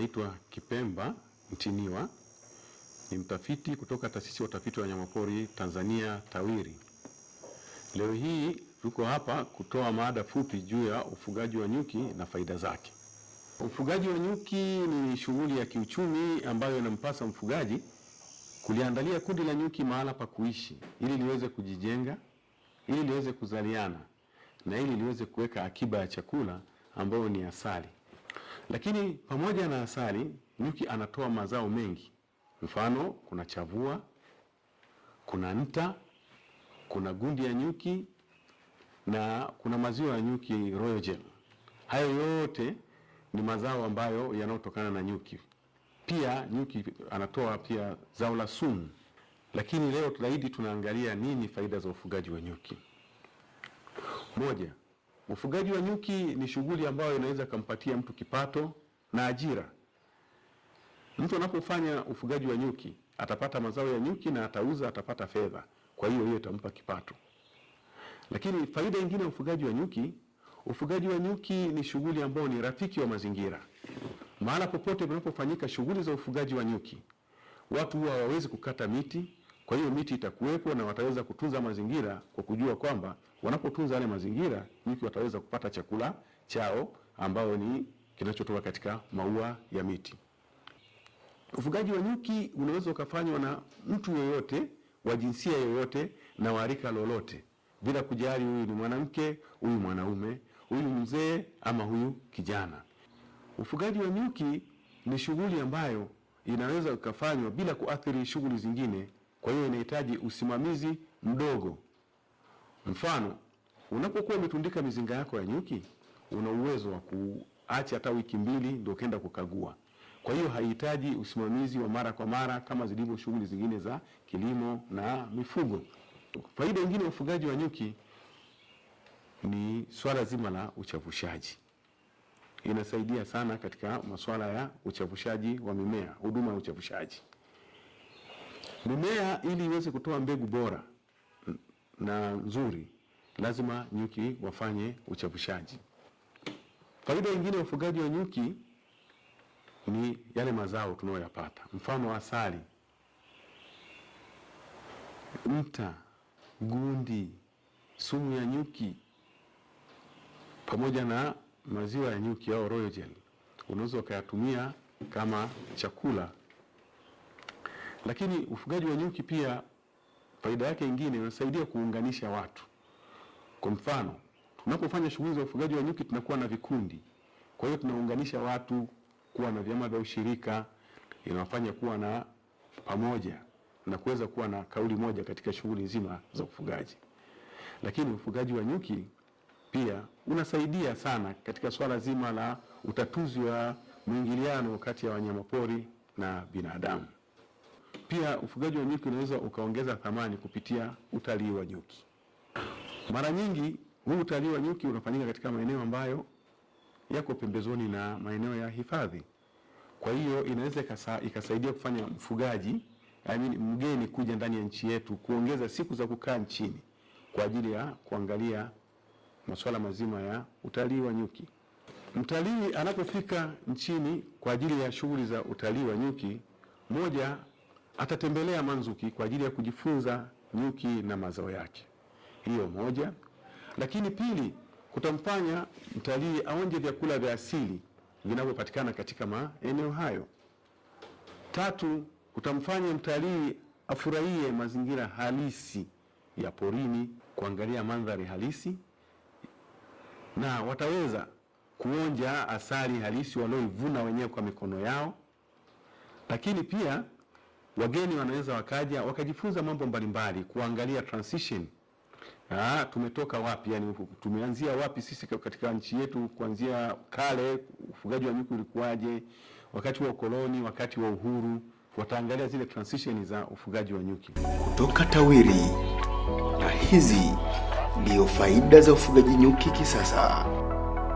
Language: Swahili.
Naitwa Kipemba Mtiniwa, ni mtafiti kutoka taasisi ya utafiti wa wanyamapori Tanzania TAWIRI. Leo hii tuko hapa kutoa mada fupi juu ya ufugaji wa nyuki na faida zake. Ufugaji wa nyuki ni shughuli ya kiuchumi ambayo inampasa mfugaji kuliandalia kundi la nyuki mahala pa kuishi ili liweze kujijenga, ili liweze kuzaliana na ili liweze kuweka akiba ya chakula ambayo ni asali. Lakini pamoja na asali, nyuki anatoa mazao mengi. Mfano, kuna chavua, kuna nta, kuna gundi ya nyuki na kuna maziwa ya nyuki Royal gel. Hayo yote ni mazao ambayo yanayotokana na nyuki. Pia nyuki anatoa pia zao la sumu. Lakini leo zaidi tunaangalia nini faida za ufugaji wa nyuki. Moja, Ufugaji wa nyuki ni shughuli ambayo inaweza kumpatia mtu kipato na ajira. Mtu anapofanya ufugaji wa nyuki atapata mazao ya nyuki na atauza, atapata fedha, kwa hiyo hiyo itampa kipato. Lakini faida nyingine ya ufugaji wa nyuki, ufugaji wa nyuki ni shughuli ambayo ni rafiki wa mazingira. Mahala popote panapofanyika shughuli za ufugaji wa nyuki, watu huwa hawawezi kukata miti, kwa hiyo miti itakuwepo na wataweza kutunza mazingira kwa kujua kwamba Wanapotunza yale mazingira, nyuki wataweza kupata chakula chao ambao ni kinachotoka katika maua ya miti. Ufugaji wa nyuki unaweza ukafanywa na mtu yoyote wa jinsia yoyote na warika lolote bila kujali huyu ni mwanamke, huyu mwanaume, huyu mzee ama huyu kijana. Ufugaji wa nyuki ni shughuli ambayo inaweza ikafanywa bila kuathiri shughuli zingine, kwa hiyo inahitaji usimamizi mdogo. Mfano, unapokuwa umetundika mizinga yako ya nyuki, una uwezo wa kuacha hata wiki mbili ndio ukaenda kukagua. Kwa hiyo haihitaji usimamizi wa mara kwa mara kama zilivyo shughuli zingine za kilimo na mifugo. Faida nyingine ya ufugaji wa nyuki ni swala zima la uchavushaji. Inasaidia sana katika masuala ya uchavushaji wa mimea, huduma ya uchavushaji mimea, ili iweze kutoa mbegu bora na nzuri, lazima nyuki wafanye uchavushaji. Faida nyingine ya ufugaji wa nyuki ni yale mazao tunayoyapata, mfano asali, mta, gundi, sumu ya nyuki pamoja na maziwa ya nyuki au royal jelly unaweza ukayatumia kama chakula. Lakini ufugaji wa nyuki pia Faida yake nyingine inasaidia kuunganisha watu. Kwa mfano, tunapofanya shughuli za ufugaji wa nyuki tunakuwa na vikundi, kwa hiyo tunaunganisha watu kuwa na vyama vya ushirika, inawafanya kuwa na pamoja na kuweza kuwa na kauli moja katika shughuli nzima za ufugaji. Lakini ufugaji wa nyuki pia unasaidia sana katika swala zima la utatuzi wa mwingiliano kati ya wanyamapori na binadamu. Pia ufugaji wa nyuki unaweza ukaongeza thamani kupitia utalii wa nyuki. Mara nyingi huu utalii wa nyuki unafanyika katika maeneo ambayo yako pembezoni na maeneo ya hifadhi. Kwa hiyo inaweza ikasaidia kufanya mfugaji I mean, mgeni kuja ndani ya nchi yetu kuongeza siku za kukaa nchini kwa ajili ya kuangalia masuala mazima ya utalii wa nyuki. Mtalii anapofika nchini kwa ajili ya shughuli za utalii wa nyuki, moja atatembelea Manzuki kwa ajili ya kujifunza nyuki na mazao yake. Hiyo moja, lakini pili, kutamfanya mtalii aonje vyakula vya asili vinavyopatikana katika maeneo hayo. Tatu, kutamfanya mtalii afurahie mazingira halisi ya porini, kuangalia mandhari halisi, na wataweza kuonja asali halisi walioivuna wenyewe kwa mikono yao, lakini pia wageni wanaweza wakaja wakajifunza mambo mbalimbali, kuangalia transition Ah, tumetoka wapi? Yani tumeanzia wapi sisi katika nchi yetu, kuanzia kale ufugaji wa nyuki ulikuwaje, wakati wa ukoloni, wakati wa uhuru. Wataangalia zile transition za ufugaji wa nyuki kutoka TAWIRI, na hizi ndio faida za ufugaji nyuki kisasa.